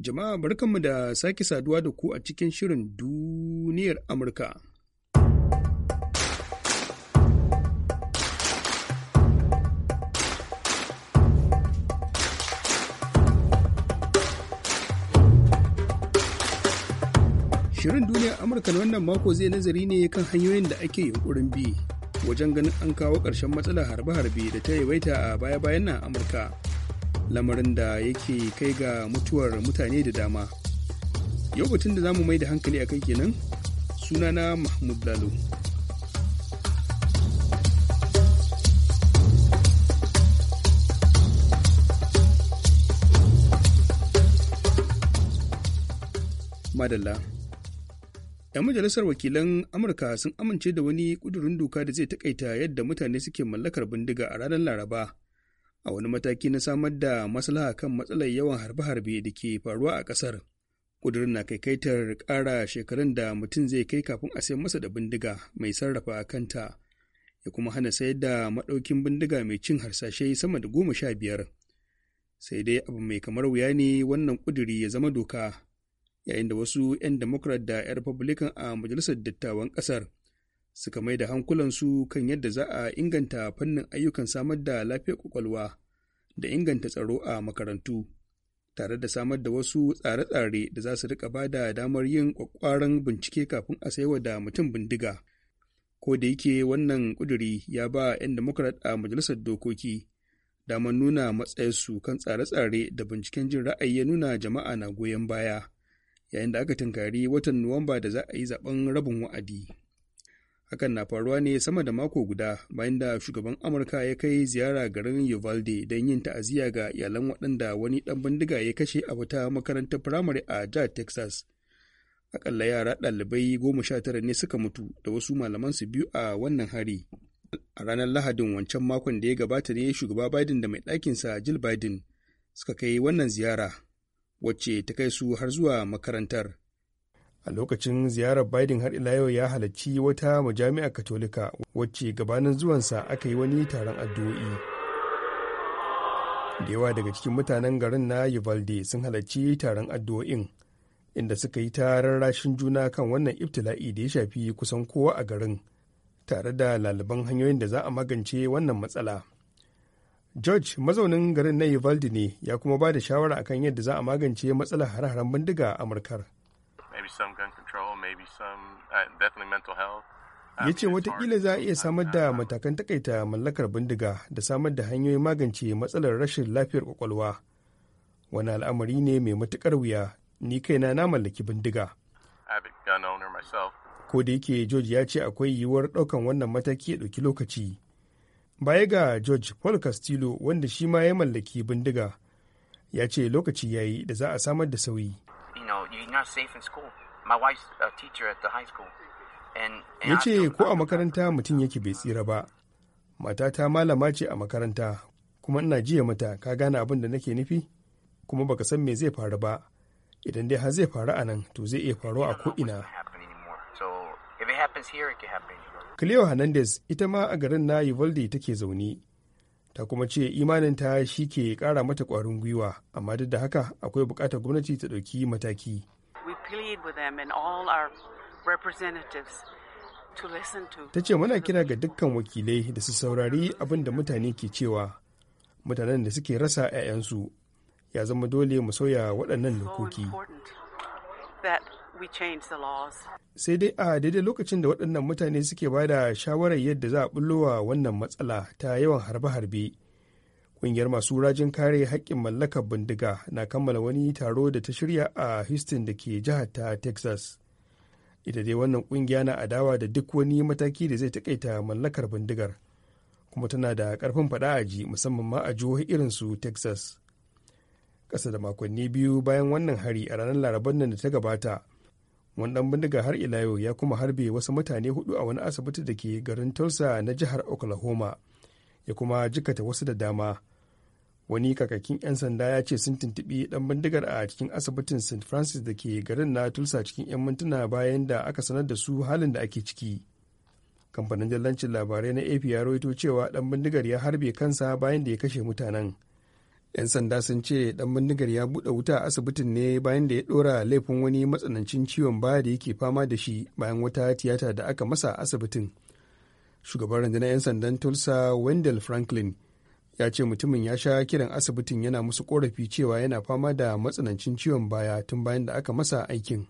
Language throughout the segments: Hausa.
Jama'a barkanmu da sake saduwa da ku a cikin shirin duniyar Amurka. Shirin duniyar Amurka na wannan mako zai nazari ne kan hanyoyin da ake yunkurin bi wajen ganin an kawo ƙarshen matsalar harbe-harbe da ta yawaita a baya-bayan nan Amurka. lamarin da yake kai ga mutuwar mutane da dama yau batun da zamu mai da hankali a kai kenan sunana mahmud lalo madalla 'yan majalisar wakilan amurka sun amince da wani ƙudurin doka da zai takaita yadda mutane suke mallakar bindiga a ranar laraba a wani mataki na samar da maslaha kan matsalar yawan harbe-harbe da ke faruwa a ƙasar. Ƙudurin na kaikaitar ƙara shekarun da mutum zai kai kafin a sayar masa da bindiga mai sarrafa a kanta, ya kuma hana sayar da maɗaukin bindiga mai cin harsashe sama da goma sha biyar. Sai dai abu mai kamar wuya ne wannan ƙuduri ya zama doka, yayin da wasu 'yan Democrat da 'yan Republican a Majalisar Dattawan ƙasar suka mai da hankulansu kan yadda za a inganta fannin ayyukan samar da lafiyar kwakwalwa da inganta tsaro a makarantu tare da samar da wasu tsare-tsare da za su rika ba da damar yin kwakwaran bincike kafin a saiwa da mutum bindiga ko da yake wannan kuduri ya ba 'yan democrat a majalisar dokoki damar nuna matsayarsu kan tsare-tsare da binciken jin ra'ayi ya nuna jama'a na goyon baya yayin da aka tunkari watan nuwamba da za a yi zaben rabin wa'adi hakan na faruwa ne sama da mako guda bayan da shugaban amurka ya kai ziyara garin uvalde don yin ta'aziyya ga iyalan waɗanda wani ɗan bindiga ya kashe a wata makarantar firamare a jihar texas akalla yara ɗalibai goma sha tara ne suka mutu da wasu malaman su biyu a wannan hari a ranar lahadin wancan makon da ya gabata ne shugaba biden da mai ɗakinsa jill biden suka kai wannan ziyara wacce ta kai su har zuwa makarantar a lokacin ziyarar biden har ila yau ya halarci wata majami'a katolika wacce gabanin zuwansa aka yi wani taron addu'o'i da yawa daga cikin mutanen garin na uvalde sun halarci taron addu'o'in inda suka yi ta rarrashin juna kan wannan ibtila'i da ya shafi kusan kowa a garin tare da laliban hanyoyin da za a magance wannan matsala george mazaunin garin na uvalde ne ya kuma ba da shawara akan yadda za a magance matsalar hare-haren bindiga a amurkar mental ya ce watakila za a iya samar da matakan takaita mallakar bindiga da samar da hanyoyin magance matsalar rashin lafiyar kwakwalwa wani al'amari ne mai matukar wuya ni kaina na mallaki bindiga ko da yake george ya ce akwai yiwuwar ɗaukan wannan mataki ya ɗauki lokaci baya ga george paul castillo wanda shi ma ya mallaki bindiga ya ce lokaci ya yi da za a samar da sauyi you're not safe in school. My the high school. Ya ce ko a makaranta mutum yake bai tsira ba, matata malama ce a makaranta kuma ina jiya mata ka gane abin da nake nufi kuma baka san me zai faru ba idan dai har zai faru a nan to zai iya faru a ko'ina. Cleo Hernandez ita ma a garin na Uvalde take zaune ta kuma ce imaninta shi ke kara mata kwarin gwiwa amma duk da haka akwai buƙatar gwamnati ta ɗauki mataki. Ta ce muna kira ga dukkan wakilai da su saurari abin da mutane ke cewa mutanen da suke rasa 'ya'yansu ya zama dole mu sauya waɗannan dokoki. Sai dai a daidai lokacin da waɗannan mutane suke ba da shawarar yadda za a bullowa wannan matsala ta yawan harbe-harbe. Ƙungiyar masu rajin kare haƙƙin mallakar bindiga na kammala wani taro da ta shirya a Houston da ke jihar ta Texas. Ita dai wannan ƙungiya na adawa da duk wani mataki da zai taƙaita mallakar bindigar. Kuma tana da ƙarfin faɗa a ji musamman ma a jihohi irin su Texas. Ƙasa da makonni biyu bayan wannan hari a ranar laraban nan da ta gabata, wani dan bindiga har ila yau ya kuma harbe wasu mutane hudu a wani asibiti da ke garin tulsa na jihar oklahoma ya kuma jikata wasu da dama wani kakakin 'yan sanda ya ce sun tuntuɓi dan bindigar a cikin asibitin st francis da ke garin na tulsa cikin 'yan mintuna bayan da aka sanar da su halin da ake ciki kamfanin jallancin labarai na ap ya rawaito cewa dan bindigar ya harbe kansa bayan da ya kashe mutanen 'yan sanda sun ce dan bindigar ya buɗe wuta a asibitin ne bayan da ya ɗora laifin wani matsanancin ciwon baya da yake fama da shi bayan wata tiyata da aka masa a asibitin shugaban rundunar 'yan sandan tulsa wendell franklin ya ce mutumin ya sha kiran asibitin yana musu korafi cewa yana fama da matsanancin ciwon baya tun bayan da aka masa aikin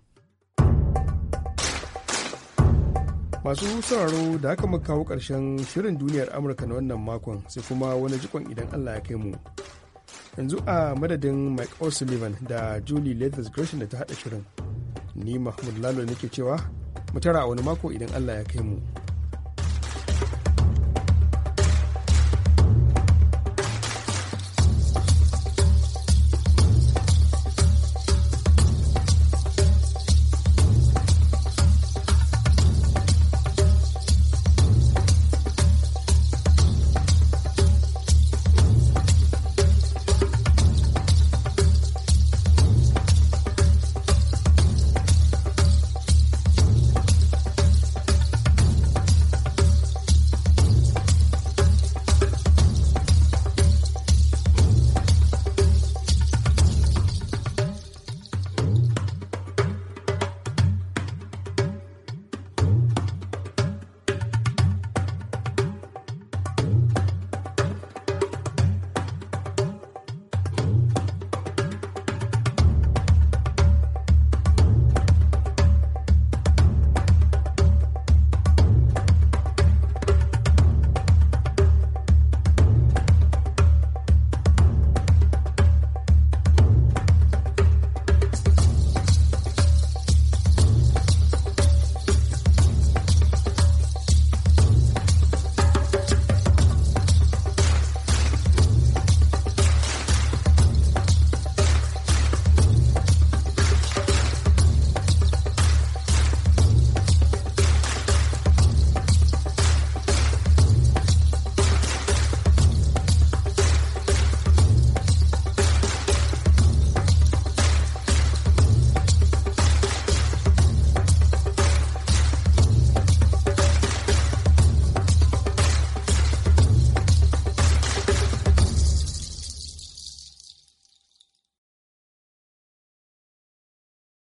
masu sauraro da aka muka kawo ƙarshen shirin duniyar amurka na wannan makon sai kuma wani jikon idan allah ya kai mu yanzu a madadin mike o'sullivan da julie lathis gresham da ta haɗa shirin ni mahmud lalo nake cewa mu tara a wani mako idan allah ya kai mu.